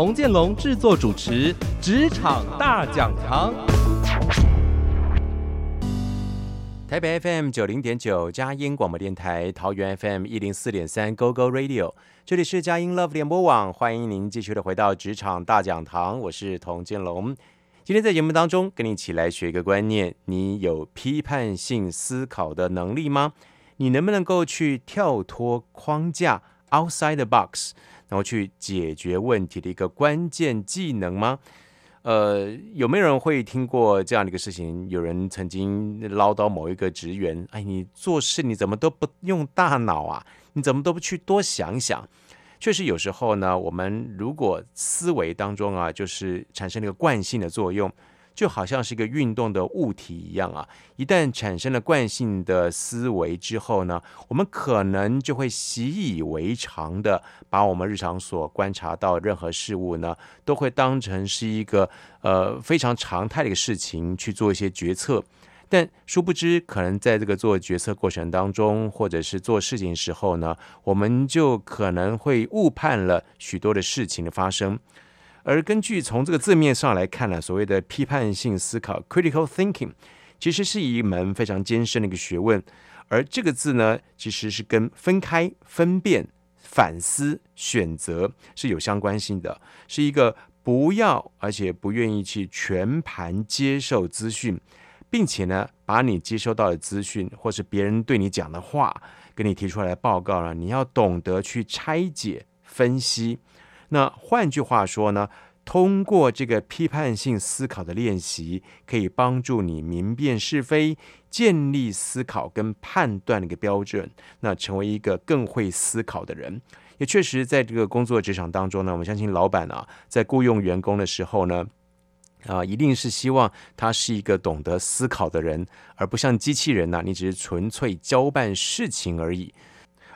童建龍制作主持《職場大講堂》，台北 FM 九零點九佳音廣播電台，桃園 FM 一零四點三 GO GO Radio，這裡是佳音 Love 聯播網，歡迎您繼續的回到《職場大講堂》，我是童建龍，今天在節目當中跟你一起來學一個觀念：你有批判性思考的能力嗎？你能不能夠去跳脫框架？Outside the box。然後去解決問題的一個關鍵技能嗎？呃，有沒有人會聽過這樣的一個事情？有人曾經嘮叨某一個職員：“哎，你做事你怎麼都不用大腦啊？你怎麼都不去多想想？”確實，有時候呢，我們如果思維當中啊，就是產生那一個慣性的作用。就好像是一個運動的物體一樣啊！一旦產生了慣性的思維之後呢，我們可能就會習以為常的把我們日常所觀察到的任何事物呢，都會當成是一個呃非常常態的一個事情去做一些決策。但殊不知，可能在這個做決策過程當中，或者是做事情的時候呢，我們就可能會誤判了許多的事情的發生。而根據從這個字面上來看呢，所謂的批判性思考 （critical thinking） 其實是一門非常艱深的一個學問。而這個字呢，其實是跟分開、分辨、反思、選擇是有相關性的，是一個不要而且不願意去全盤接受資訊，並且呢，把你接收到的資訊或是別人對你講的話跟你提出來的報告呢，你要懂得去拆解、分析。那換句話說呢，通過這個批判性思考的練習，可以幫助你明辨是非，建立思考跟判斷的一個標準。那成為一個更會思考的人，也確實在這個工作職場當中呢，我相信老板啊，在雇傭員工的時候呢，啊，一定是希望他是一個懂得思考的人，而不像機器人呢、啊，你只是純粹交辦事情而已。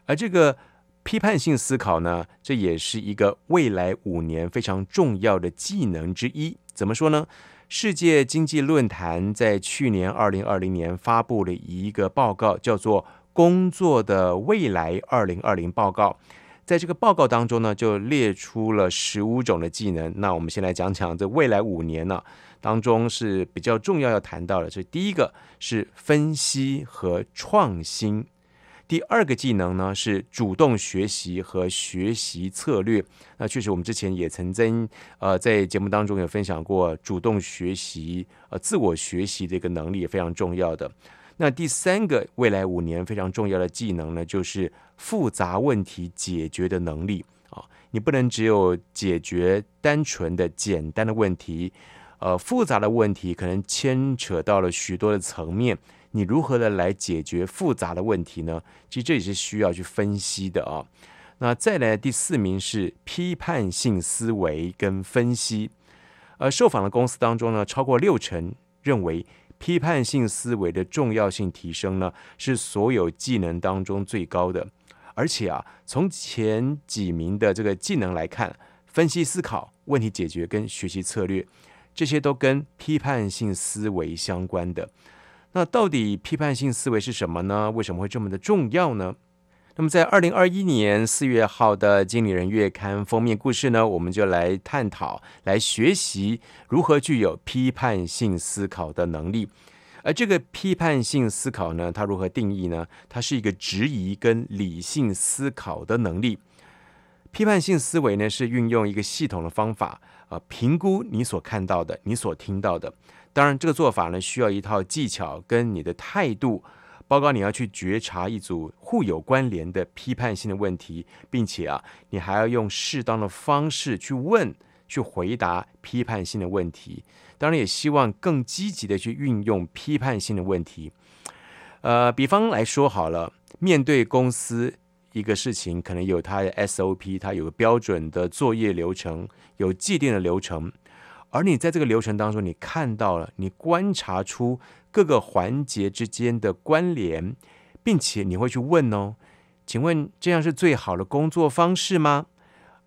而這個。批判性思考呢，這也是一個未來五年非常重要的技能之一。怎麼說呢？世界經濟論壇在去年二零二零年發布了一個報告，叫做《工作的未來二零二零報告》。在這個報告當中呢，就列出了十五種的技能。那我們先來講講這未來五年呢當中是比較重要要談到的。這第一個是分析和創新。第二個技能呢，是主動學習和學習策略。那確實，我們之前也曾經呃在節目當中有分享過，主動學習呃自我學習的一個能力也非常重要的。那第三個，未來五年非常重要的技能呢，就是複雜問題解決的能力啊。哦，你不能只有解決單純的簡單的問題，呃，複雜的問題可能牽扯到了許多的層面。你如何的來解決複雜的問題呢？其實這也是需要去分析的啊。那再來第四名是批判性思維跟分析。呃，受訪的公司當中呢，超過六成認為批判性思維的重要性提升呢，是所有技能當中最高的。而且啊，從前幾名的這個技能來看，分析思考、問題解決跟學習策略，這些都跟批判性思維相關的。那到底批判性思維是什麼呢？為什麼會這麼的重要呢？那麼在二零二一年四月號的《經理人月刊》封面故事呢，我們就來探討、來學習如何具有批判性思考的能力。而這個批判性思考呢，它如何定義呢？它是一個質疑跟理性思考的能力。批判性思維呢，是運用一個系統的方法，啊，評估你所看到的、你所聽到的。當然，這個做法呢，需要一套技巧跟你的態度，包括你要去覺察一組互有關聯的批判性的問題，並且啊，你還要用適當的方式去問、去回答批判性的問題。當然，也希望更積極的去運用批判性的問題。呃，比方來說好了，面對公司一個事情，可能有它的 SOP，它有個標準的作業流程，有既定的流程。而你在這個流程當中，你看到了，你觀察出各個環節之間的關聯，並且你會去問哦，請問這樣是最好的工作方式嗎？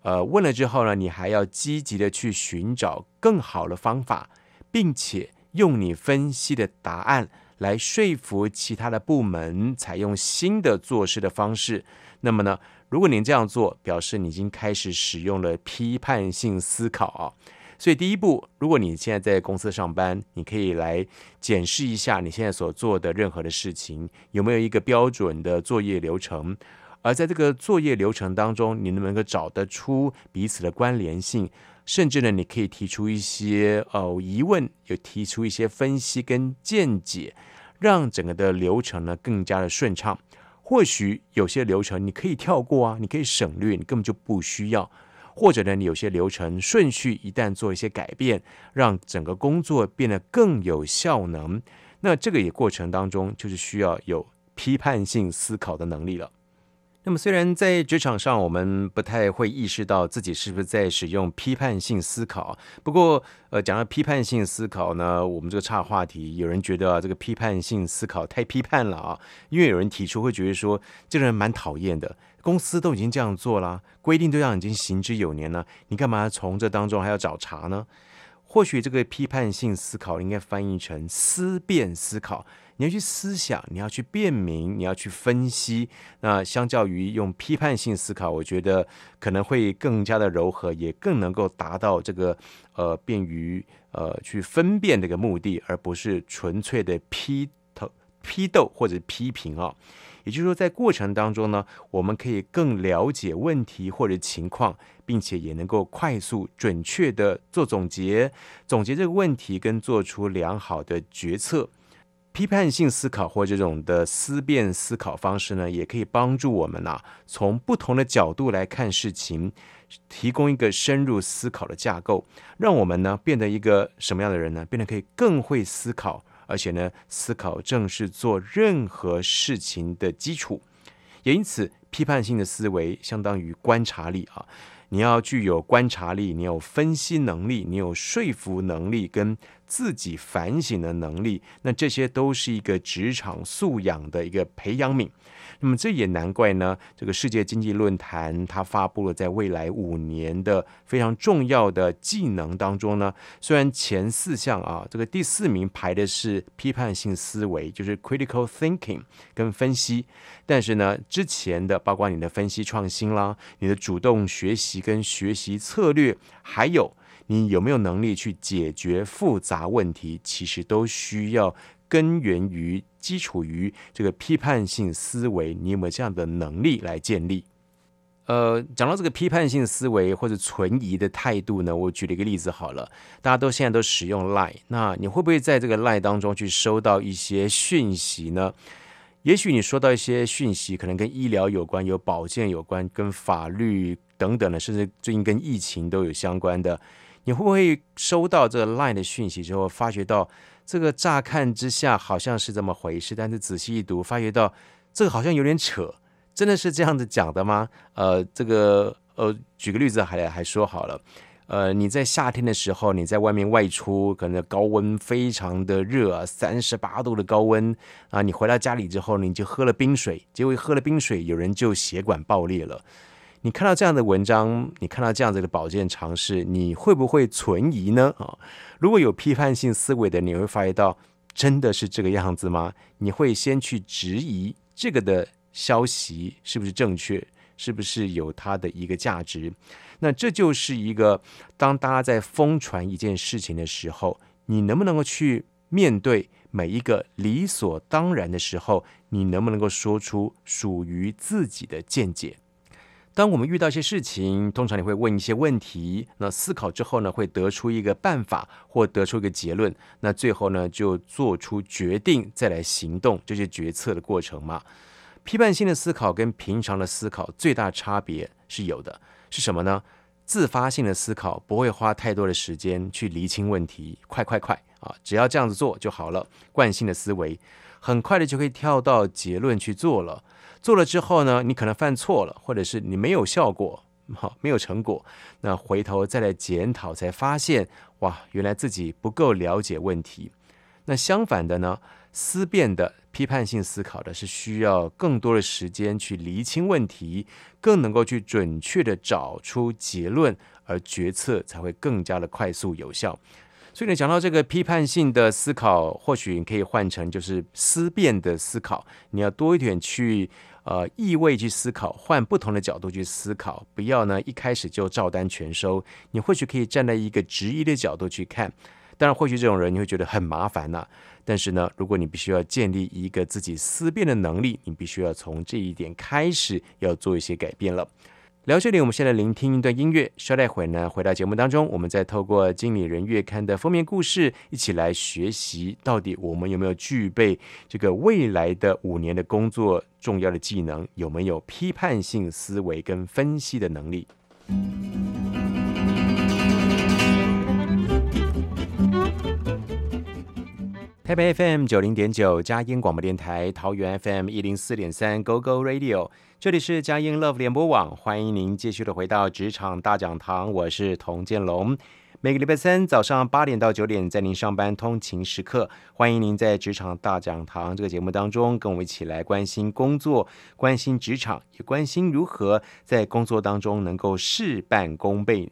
呃，問了之後呢，你還要積極地去尋找更好的方法，並且用你分析的答案來說服其他的部門採用新的做事的方式。那麼呢，如果你這樣做，表示你已經開始使用了批判性思考哦。所以，第一步，如果你現在在公司上班，你可以來檢視一下你現在所做的任何的事情，有沒有一個標準的作業流程，而在這個作業流程當中，你能不能夠找得出彼此的關聯性，甚至呢，你可以提出一些呃疑問，有提出一些分析跟見解，讓整個的流程呢更加的順暢。或許有些流程你可以跳過啊，你可以省略，你根本就不需要。或者呢，你有些流程順序一旦做一些改變，讓整個工作變得更有效能，那這個也過程當中就是需要有批判性思考的能力了。那麼雖然在職場上，我們不太會意識到自己是不是在使用批判性思考，不過呃，講到批判性思考呢，我們這個岔話題，有人覺得啊，這個批判性思考太批判了啊，因為有人提出會覺得說，這個人蠻討厭的。公司都已經這樣做了，啊，規定都這已經行之有年了，你幹嘛從這當中還要找茬呢？或許這個批判性思考應該翻譯成思辨思考，你要去思想，你要去辨明，你要去分析。那相較於用批判性思考，我覺得可能會更加的柔和，也更能夠達到這個呃便於呃去分辨的一個目的，而不是純粹的批頭批鬥或者批評啊、哦。也就是說，在過程當中呢，我們可以更了解問題或者情況，並且也能夠快速準確地做總結，總結這個問題跟做出良好的決策。批判性思考或者這種的思辨思考方式呢，也可以幫助我們吶、啊，從不同的角度來看事情，提供一個深入思考的架構，讓我們呢變得一個什麼樣的人呢？變得可以更會思考。而且呢，思考正是做任何事情的基礎，也因此，批判性的思維相當於觀察力啊。你要具有觀察力，你有分析能力，你有說服能力，跟自己反省的能力，那這些都是一個職場素養的一個培養皿。那麼這也難怪呢。這個世界經濟論壇它發布了在未來五年的非常重要的技能當中呢，雖然前四項啊，這個第四名排的是批判性思維，就是 critical thinking 跟分析，但是呢，之前的包括你的分析創新啦，你的主動學習跟學習策略，還有你有沒有能力去解決複雜問題，其實都需要。根源於基礎於這個批判性思維，你有沒有這樣的能力來建立？呃，講到這個批判性思維或者存疑的態度呢？我舉了一個例子好了，大家都現在都使用 Line 那你會不會在這個 Line 當中去收到一些訊息呢？也許你收到一些訊息，可能跟醫療有關、有保健有關、跟法律等等的，甚至最近跟疫情都有相關的，你會不會收到這個 Line 的訊息之後，發覺到？這個乍看之下好像是這麼回事，但是仔細一讀，發覺到這個好像有點扯，真的是這樣子講的嗎？呃，這個呃，舉個例子還還說好了，呃，你在夏天的時候，你在外面外出，可能高溫非常的熱啊，三十八度的高溫啊，你回到家裡之後，你就喝了冰水，結果一喝了冰水，有人就血管爆裂了。你看到這樣的文章，你看到這樣子的保健常識，你會不會存疑呢？啊？如果有批判性思維的，你會發覺到真的是這個樣子嗎？你會先去質疑這個的消息是不是正確，是不是有它的一個價值？那這就是一個，當大家在瘋傳一件事情的時候，你能不能夠去面對每一個理所當然的時候，你能不能夠說出屬於自己的見解？當我們遇到一些事情，通常你會問一些問題，那思考之後呢，會得出一個辦法或得出一個結論，那最後呢，就做出決定，再來行動，這些決策的過程嘛。批判性的思考跟平常的思考最大差別是有的，是什麼呢？自發性的思考不會花太多的時間去釐清問題，快快快啊，只要這樣子做就好了。慣性的思維，很快的就可以跳到結論去做了。做了之後呢，你可能犯錯了，或者是你沒有效果，好沒有成果，那回頭再來檢討，才發現哇，原來自己不夠了解問題。那相反的呢，思辨的批判性思考的是需要更多的時間去釐清問題，更能夠去準確地找出結論，而決策才會更加的快速有效。所以呢，講到這個批判性的思考，或許你可以換成就是思辨的思考。你要多一點去呃意味去思考，換不同的角度去思考，不要呢一開始就照單全收。你或許可以站在一個質疑的角度去看，當然或許這種人你會覺得很麻煩吶、啊。但是呢，如果你必須要建立一個自己思辨的能力，你必須要從這一點開始要做一些改變了。聊這裡，我們先來聆聽一段音樂。稍待會呢，回到節目當中，我們再透過《經理人月刊》的封面故事，一起來學習到底我們有沒有具備這個未來的五年的工作重要的技能？有沒有批判性思維跟分析的能力？台北 FM 九零點九佳音廣播電台，桃園 FM 一零四點三 GoGo Radio。這裡是佳音 Love 聯播網，歡迎您繼續的回到職場大講堂，我是童建龍。每個禮拜三早上八點到九點，在您上班通勤時刻，歡迎您在職場大講堂這個節目當中，跟我一起來關心工作，關心職場，也關心如何在工作當中能夠事半功倍。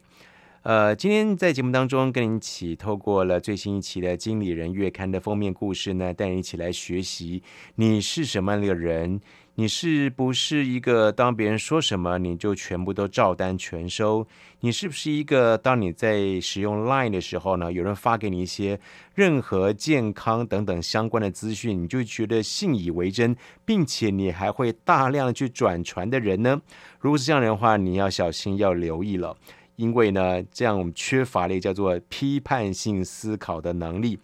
呃，今天在節目當中，跟您一起透過了最新一期的《經理人月刊》的封面故事呢，帶您一起來學習你是什麼樣的人。你是不是一個當別人說什麼你就全部都照單全收？你是不是一個當你在使用 Line 的時候呢，有人發給你一些任何健康等等相關的資訊，你就覺得信以為真，並且你還會大量去轉傳的人呢？如果是這樣的話，你要小心，要留意了，因為呢，這樣我們缺乏了一個叫做批判性思考的能力。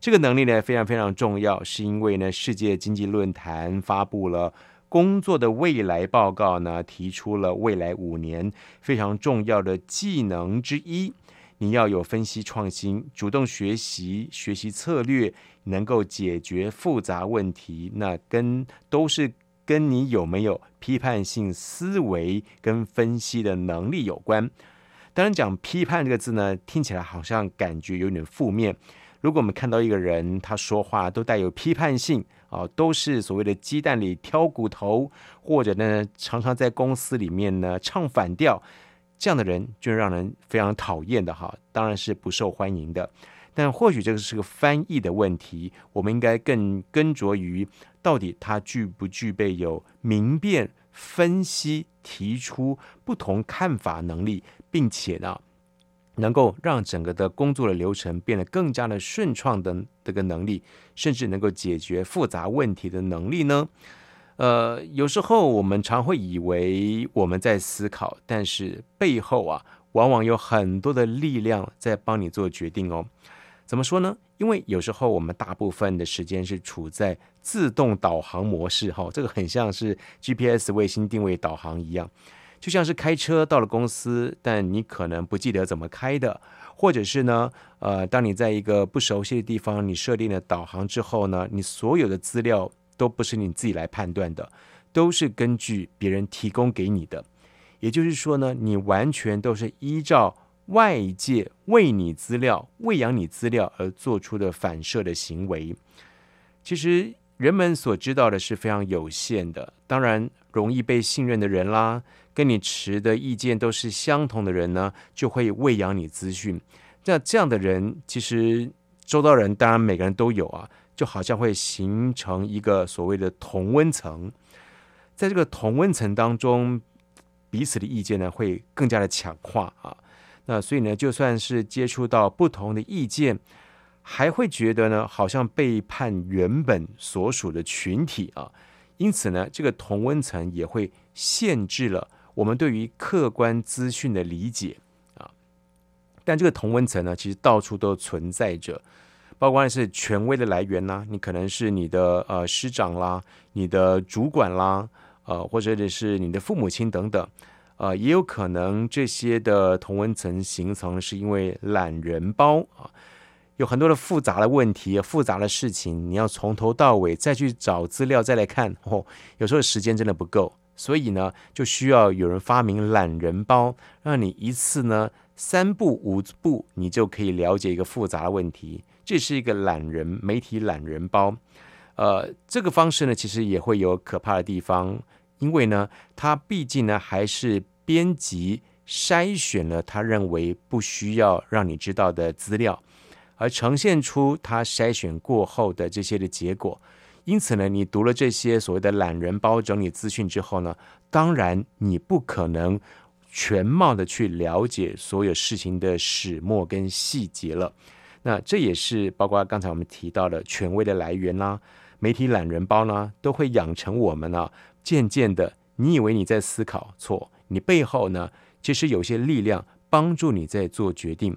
這個能力呢，非常非常重要，是因為呢，世界經濟論壇發布了。工作的未來報告呢，提出了未來五年非常重要的技能之一，你要有分析、創新、主動學習、學習策略，能夠解決複雜問題。那跟都是跟你有沒有批判性思維跟分析的能力有關。當然，講批判這個字呢，聽起來好像感覺有點負面。如果我們看到一個人，他說話都帶有批判性。啊、哦，都是所謂的雞蛋裡挑骨頭，或者呢，常常在公司裡面呢唱反調，這樣的人就讓人非常討厭的哈，當然是不受歡迎的。但或許這個是個翻譯的問題，我們應該更斟酌於到底他具不具備有明辨、分析、提出不同看法能力，並且呢，能夠讓整個的工作的流程變得更加的順暢的。這個能力，甚至能夠解決複雜問題的能力呢？呃，有時候我們常會以為我們在思考，但是背後啊，往往有很多的力量在幫你做決定哦。怎麼說呢？因為有時候我們大部分的時間是處在自動導航模式，哈、哦，這個很像是 GPS 衛星定位導航一樣，就像是開車到了公司，但你可能不記得怎麼開的。或者是呢，呃，當你在一個不熟悉的地方，你設定了導航之後呢，你所有的資料都不是你自己來判斷的，都是根據別人提供給你的。也就是說呢，你完全都是依照外界餵你資料、餵養你資料而做出的反射的行為。其實人們所知道的是非常有限的，當然容易被信任的人啦。跟你持的意見都是相同的人呢，就會餵養你資訊。那這樣的人，其實周遭人當然每個人都有啊，就好像會形成一個所謂的同溫層。在這個同溫層當中，彼此的意見呢會更加的強化啊。那所以呢，就算是接觸到不同的意見，還會覺得呢好像背叛原本所屬的群體啊。因此呢，這個同溫層也會限制了我們對於客觀資訊的理解啊，但這個同溫層呢，其實到處都存在着，包括是權威的來源呢，啊，你可能是你的呃師長啦，你的主管啦，呃，或者是你的父母親等等，呃，也有可能這些的同溫層形成是因為懶人包啊，有很多的複雜的問題、複雜的事情，你要從頭到尾再去找資料再來看，哦，有時候時間真的不夠。所以呢，就需要有人發明懶人包，讓你一次呢三步五步，你就可以了解一個複雜的問題。這是一個懶人媒體懶人包。呃，這個方式呢，其實也會有可怕的地方，因為呢，它畢竟呢還是編輯篩選了他認為不需要讓你知道的資料，而呈現出他篩選過後的這些的結果。因此呢，你讀了這些所謂的懶人包整理資訊之後呢，當然你不可能全貌的去了解所有事情的始末跟細節了。那這也是包括剛才我們提到的權威的來源啦、啊，媒體懶人包呢，都會養成我們啊，漸漸的你以為你在思考，錯，你背後呢其實有些力量幫助你在做決定。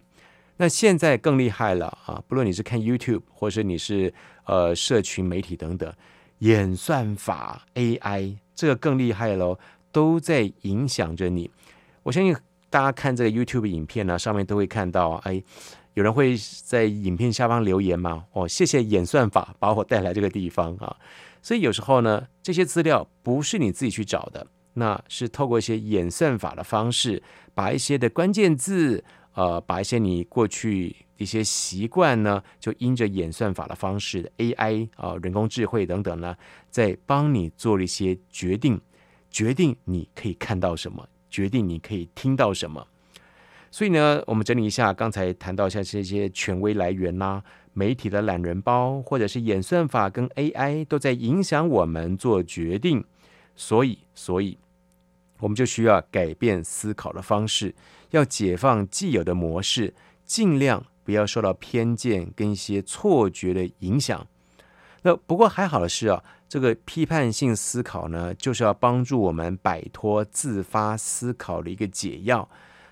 那現在更厲害了啊！不論你是看 YouTube，或者你是呃社群媒體等等，演算法 AI 這個更厲害嘍，都在影響着你。我相信大家看這個 YouTube 影片呢，上面都會看到，哎，有人會在影片下方留言嘛？哦，謝謝演算法把我帶來這個地方啊！所以有時候呢，這些資料不是你自己去找的，那是透過一些演算法的方式，把一些的關鍵字。呃，把一些你過去一些習慣呢，就因着演算法的方式，AI 啊、呃，人工智慧等等呢，在幫你做了一些決定，決定你可以看到什麼，決定你可以聽到什麼。所以呢，我們整理一下剛才談到像這些權威來源吶、啊，媒體的懶人包，或者是演算法跟 AI 都在影響我們做決定，所以，所以我們就需要改變思考的方式。要解放既有的模式，盡量不要受到偏見跟一些錯覺的影響。那不過還好的是啊，這個批判性思考呢，就是要幫助我們擺脫自發思考的一個解藥。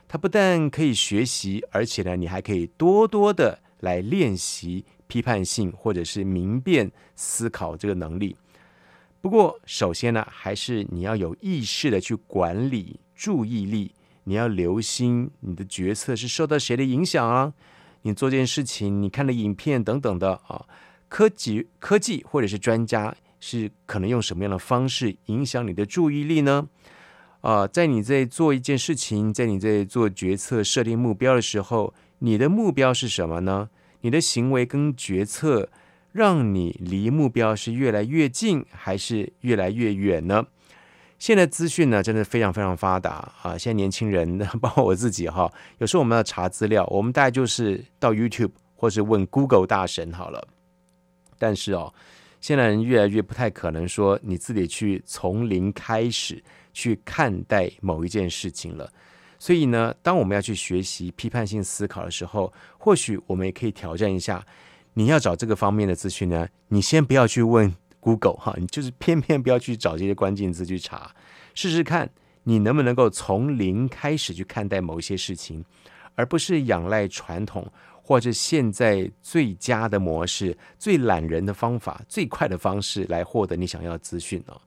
它不但可以學習，而且呢，你還可以多多的來練習批判性或者是明辨思考這個能力。不過，首先呢，還是你要有意識的去管理注意力。你要留心，你的決策是受到誰的影響啊？你做件事情，你看的影片等等的啊，科技、科技或者是專家是可能用什麼樣的方式影響你的注意力呢？啊、呃，在你在做一件事情，在你在做決策、設定目標的時候，你的目標是什麼呢？你的行為跟決策讓你離目標是越來越近，還是越來越遠呢？現在資訊呢，真的非常非常發達啊！現在年輕人，包括我自己哈，哦，有時候我們要查資料，我們大概就是到 YouTube 或是問 Google 大神好了。但是哦，現在人越來越不太可能說你自己去從零開始去看待某一件事情了。所以呢，當我們要去學習批判性思考的時候，或許我們也可以挑戰一下：你要找這個方面的資訊呢，你先不要去問 Google 哈，你就是偏偏不要去找這些關鍵字去查，試試看你能不能夠從零開始去看待某些事情，而不是仰賴傳統或者現在最佳的模式、最懶人的方法、最快的方式來獲得你想要的資訊哦。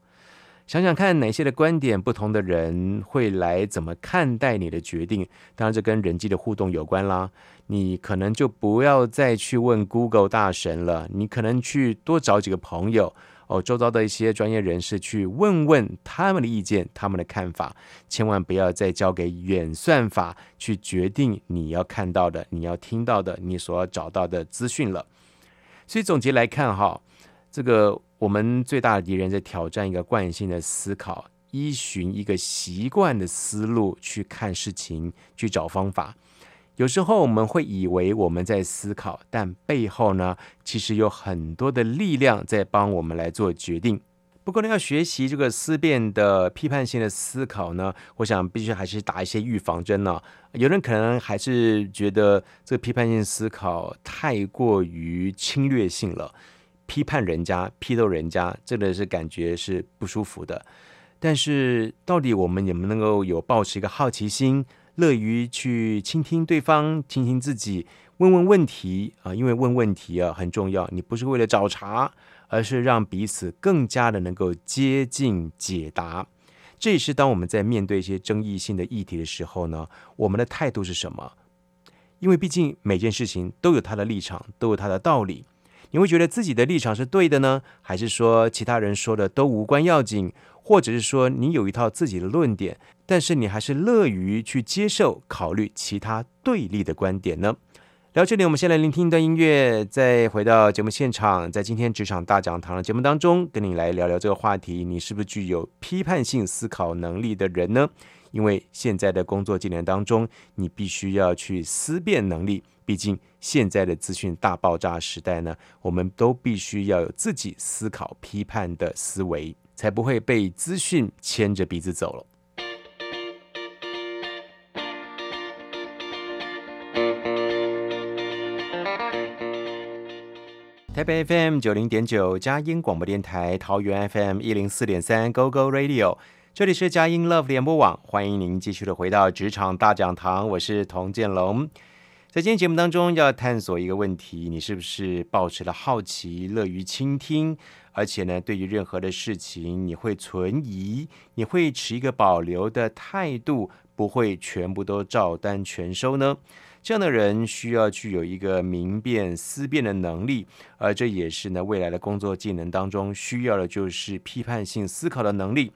想想看哪些的觀點，不同的人會來怎麼看待你的決定。當然，這跟人際的互動有關啦。你可能就不要再去問 Google 大神了，你可能去多找幾個朋友。哦，週遭的一些專業人士去問問他們的意見、他們的看法，千萬不要再交給演算法去決定你要看到的、你要聽到的、你所要找到的資訊了。所以總結來看，哈，這個我們最大的敵人在挑戰一個慣性的思考，依循一個習慣的思路去看事情、去找方法。有時候我們會以為我們在思考，但背後呢，其實有很多的力量在幫我們來做決定。不過呢，要學習這個思辨的批判性的思考呢，我想必須還是打一些預防針呢、啊。有人可能還是覺得這個批判性思考太過於侵略性了，批判人家、批鬥人家，真的是感覺是不舒服的。但是，到底我們有沒有能夠有保持一個好奇心？樂於去傾聽對方，傾聽,聽自己，問問問題啊，呃，因為問問題啊很重要。你不是為了找茬，而是讓彼此更加的能夠接近解答。這也是當我們在面對一些爭議性的議題的時候呢，我們的態度是什麼？因為畢竟每件事情都有它的立場，都有它的道理。你會覺得自己的立場是對的呢，還是說其他人說的都無關要緊，或者是說你有一套自己的論點？但是你還是樂於去接受、考慮其他對立的觀點呢？聊到這裡，我們先來聆聽一段音樂，再回到節目現場。在今天職場大講堂的節目當中，跟你來聊聊這個話題：你是不是具有批判性思考能力的人呢？因為現在的工作技能當中，你必須要去思辨能力。畢竟現在的資訊大爆炸時代呢，我們都必須要有自己思考、批判的思維，才不會被資訊牽着鼻子走了。台北 FM 九零點九佳音廣播電台，桃園 FM 一零四點三 GoGo Radio，這裡是佳音 Love 聯播網，歡迎您繼續的回到職場大講堂，我是童建龍。在今天節目當中，要探索一個問題：你是不是保持了好奇、樂於傾聽，而且呢，對於任何的事情，你會存疑，你會持一個保留的態度，不會全部都照單全收呢？這樣的人需要具有一個明辨思辨的能力，而這也是呢，未來的工作技能當中需要的，就是批判性思考的能力。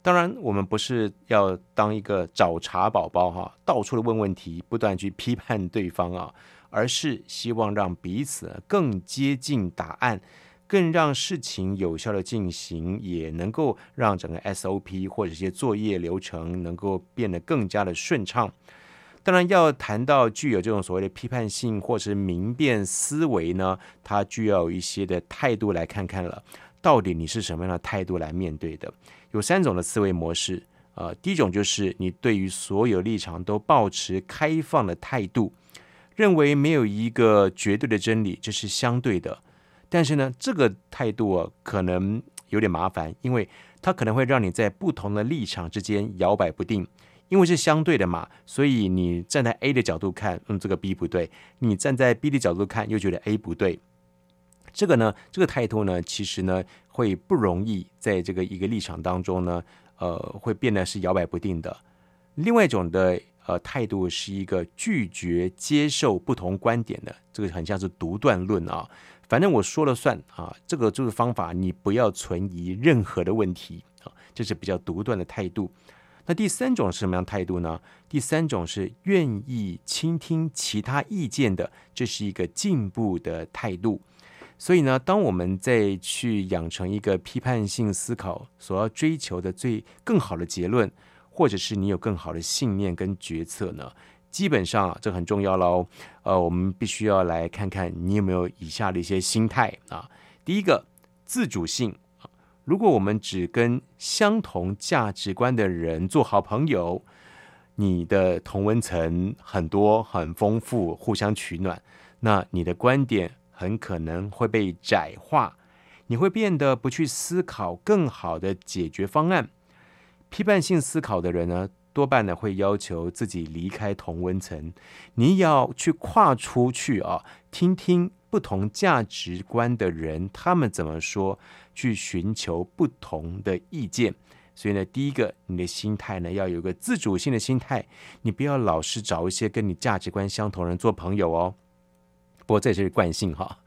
當然，我們不是要當一個找茬寶寶哈，到處的問問題，不斷去批判對方啊，而是希望讓彼此更接近答案，更讓事情有效的進行，也能夠讓整個 SOP 或者一些作業流程能夠變得更加的順暢。當然，要談到具有這種所謂的批判性或是明辨思維呢，它就要有一些的態度，來看看了，到底你是什麼樣的態度來面對的？有三種的思維模式，呃，第一種就是你對於所有立場都保持開放的態度，認為沒有一個絕對的真理，這，就是相對的。但是呢，這個態度，啊、可能有點麻煩，因為它可能會讓你在不同的立場之間搖擺不定。因為是相對的嘛，所以你站在 A 的角度看，嗯，這個 B 不對；你站在 B 的角度看，又覺得 A 不對。這個呢，這個態度呢，其實呢，會不容易在這個一個立場當中呢，呃，會變得是搖擺不定的。另外一種的呃態度，是一個拒絕接受不同觀點的，這個很像是獨斷論啊，反正我說了算啊，這個就是方法，你不要存疑任何的問題啊，這是比較獨斷的態度。那第三種是什麼樣態度呢？第三種是願意傾聽其他意見的，這是一個進步的態度。所以呢，當我們再去養成一個批判性思考所要追求的最更好的結論，或者是你有更好的信念跟決策呢，基本上啊，這很重要嘍。呃，我們必須要來看看你有沒有以下的一些心態啊。第一個，自主性。如果我們只跟相同價值觀的人做好朋友，你的同溫層很多、很豐富，互相取暖，那你的觀點很可能會被窄化，你會變得不去思考更好的解決方案。批判性思考的人呢，多半呢會要求自己離開同溫層，你要去跨出去啊，聽聽。不同價值觀的人，他們怎麼說？去尋求不同的意見。所以呢，第一個，你的心態呢，要有個自主性的心態，你不要老是找一些跟你價值觀相同的人做朋友哦。不過這也是慣性哈。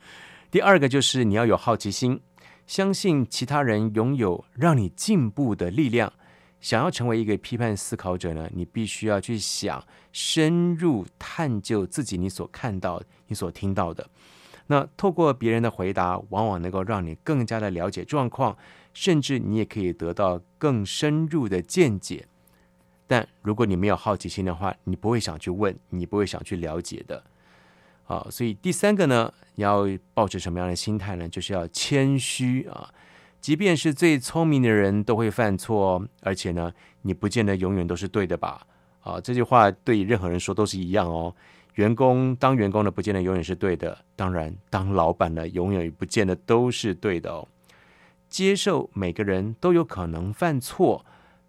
第二個就是你要有好奇心，相信其他人擁有讓你進步的力量。想要成為一個批判思考者呢，你必須要去想深入探究自己，你所看到、你所聽到的。那透過別人的回答，往往能夠讓你更加的了解狀況，甚至你也可以得到更深入的見解。但如果你沒有好奇心的話，你不會想去問，你不會想去了解的。啊，所以第三個呢，要抱持什麼樣的心態呢？就是要謙虛啊。即便是最聰明的人都會犯錯，而且呢，你不見得永遠都是對的吧？啊，這句話對任何人說都是一樣哦。員工當員工的不見得永遠是對的，當然當老闆的永遠也不見得都是對的哦。接受每個人都有可能犯錯，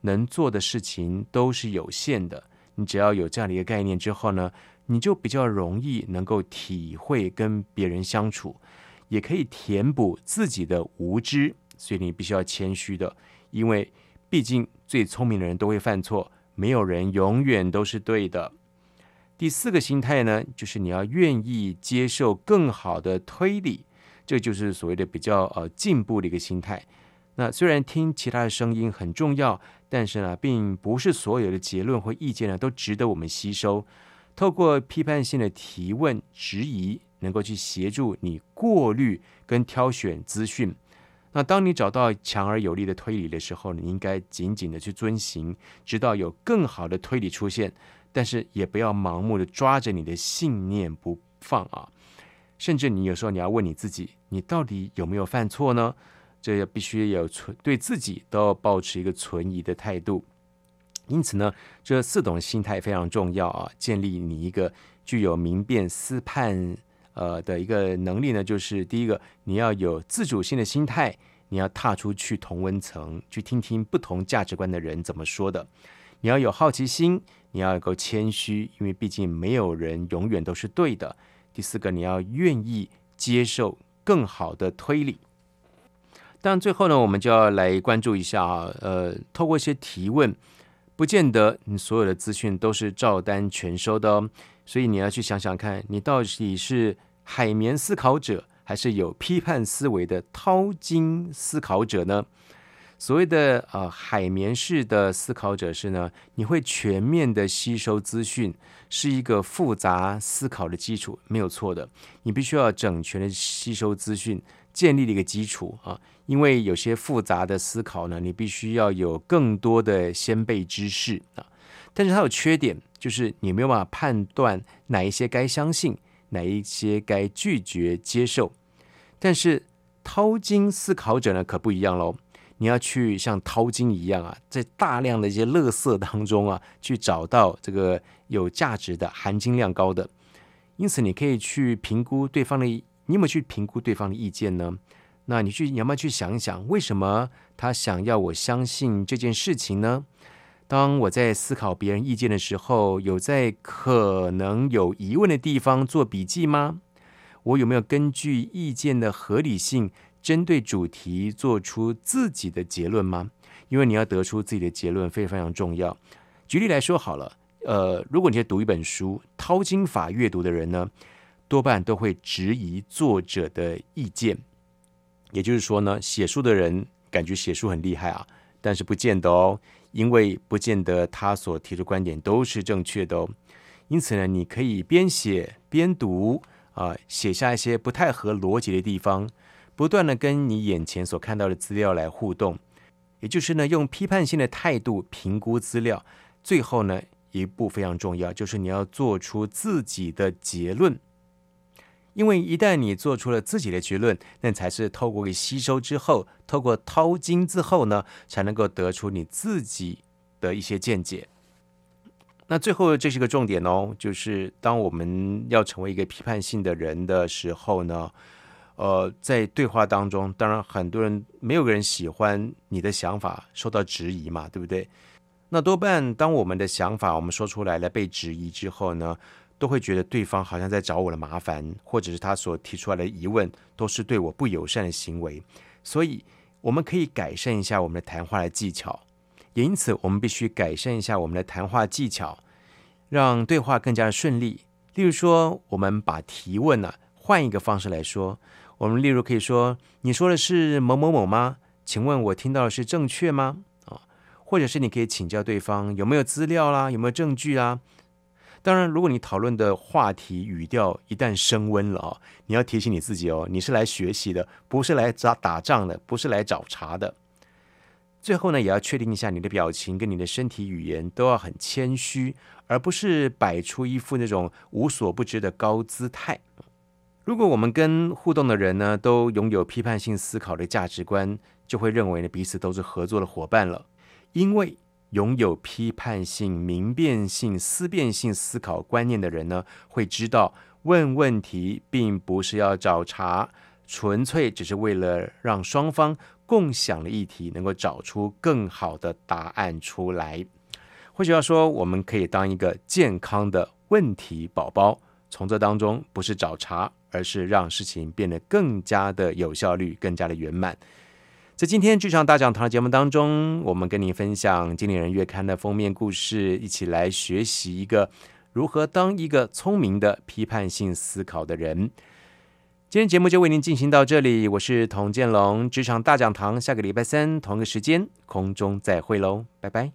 能做的事情都是有限的。你只要有這樣的一個概念，之後呢，你就比較容易能夠體會跟別人相處，也可以填補自己的無知。所以你必須要謙虛的，因為畢竟最聰明的人都會犯錯，沒有人永遠都是對的。第四個心態呢，就是你要願意接受更好的推理，這就是所謂的比較呃進步的一個心態。那雖然聽其他的聲音很重要，但是呢，並不是所有的結論或意見呢都值得我們吸收。透過批判性的提問、質疑，能夠去協助你過濾跟挑選資訊。那當你找到強而有力的推理的時候，你應該緊緊的去遵循，直到有更好的推理出現。但是也不要盲目的抓着你的信念不放啊，甚至你有時候你要問你自己，你到底有沒有犯錯呢？這必須有存，對自己都要保持一個存疑的態度。因此呢，這四種心態非常重要啊，建立你一個具有明辨思辨呃的一個能力呢，就是第一個，你要有自主性的心態，你要踏出去同溫層，去聽聽不同價值觀的人怎麼說的。你要有好奇心，你要夠謙虛，因為畢竟沒有人永遠都是對的。第四個，你要願意接受更好的推理。但最後呢，我們就要來關注一下啊，呃，透過一些提問，不見得你所有的資訊都是照單全收的哦。所以你要去想想看，你到底是海綿思考者，還是有批判思維的淘金思考者呢？所謂的呃海綿式的思考者是呢，你會全面的吸收資訊，是一個複雜思考的基礎，沒有錯的。你必須要整全的吸收資訊，建立了一個基礎啊，因為有些複雜的思考呢，你必須要有更多的先備知識啊。但是它有缺點，就是你沒有辦法判斷哪一些該相信，哪一些該拒絕接受。但是淘金思考者呢，可不一樣嘍。你要去像淘金一樣啊，在大量的一些垃圾當中啊，去找到這個有價值的、含金量高的。因此，你可以去評估對方的，你有沒有去評估對方的意見呢？那你去，你要不要去想一想，為什麼他想要我相信這件事情呢？當我在思考別人意見的時候，有在可能有疑問的地方做筆記嗎？我有沒有根據意見的合理性？針對主題做出自己的結論嗎？因為你要得出自己的結論，非常非常重要。舉例來說，好了，呃，如果你在讀一本書，淘金法閱讀的人呢，多半都會質疑作者的意見。也就是說呢，寫書的人感覺寫書很厲害啊，但是不見得哦，因為不見得他所提的觀點都是正確的哦。因此呢，你可以邊寫邊讀啊、呃，寫下一些不太合邏輯的地方。不斷地跟你眼前所看到的資料來互動，也就是呢，用批判性的態度評估資料。最後呢，一步非常重要，就是你要做出自己的結論。因為一旦你做出了自己的結論，那才是透過吸收之後，透過淘金之後呢，才能夠得出你自己的一些見解。那最後，這是個重點哦，就是當我們要成為一個批判性的人的時候呢。呃，在對話當中，當然很多人沒有個人喜歡你的想法受到質疑嘛，對不對？那多半當我們的想法我們說出來了被質疑之後呢，都會覺得對方好像在找我的麻煩，或者是他所提出來的疑問都是對我不友善的行為。所以我們可以改善一下我們的談話的技巧，也因此我們必須改善一下我們的談話技巧，讓對話更加的順利。例如說，我們把提問呢，啊，換一個方式來說。我們例如可以說：“你說的是某某某嗎？”請問我聽到的是正確嗎？啊，或者是你可以請教對方有沒有資料啦、啊，有沒有證據啊？當然，如果你討論的話題語調一旦升溫了啊，你要提醒你自己哦，你是來學習的，不是來打打仗的，不是來找碴的。最後呢，也要確定一下你的表情跟你的身體語言都要很謙虛，而不是擺出一副那種無所不知的高姿態。如果我們跟互動的人呢，都擁有批判性思考的價值觀，就會認為呢，彼此都是合作的伙伴了。因為擁有批判性、明辨性、思辨性思考觀念的人呢，會知道問問題並不是要找茬，純粹只是為了讓雙方共享的議題能夠找出更好的答案出來。或許要說，我們可以當一個健康的問題寶寶，從這當中不是找茬。而是讓事情變得更加的有效率，更加的圓滿。在今天職場大講堂的節目當中，我們跟您分享《經理人月刊》的封面故事，一起來學習一個如何當一個聰明的批判性思考的人。今天節目就為您進行到這裡，我是童建龍，職場大講堂下個禮拜三同個時間空中再會嘍，拜拜。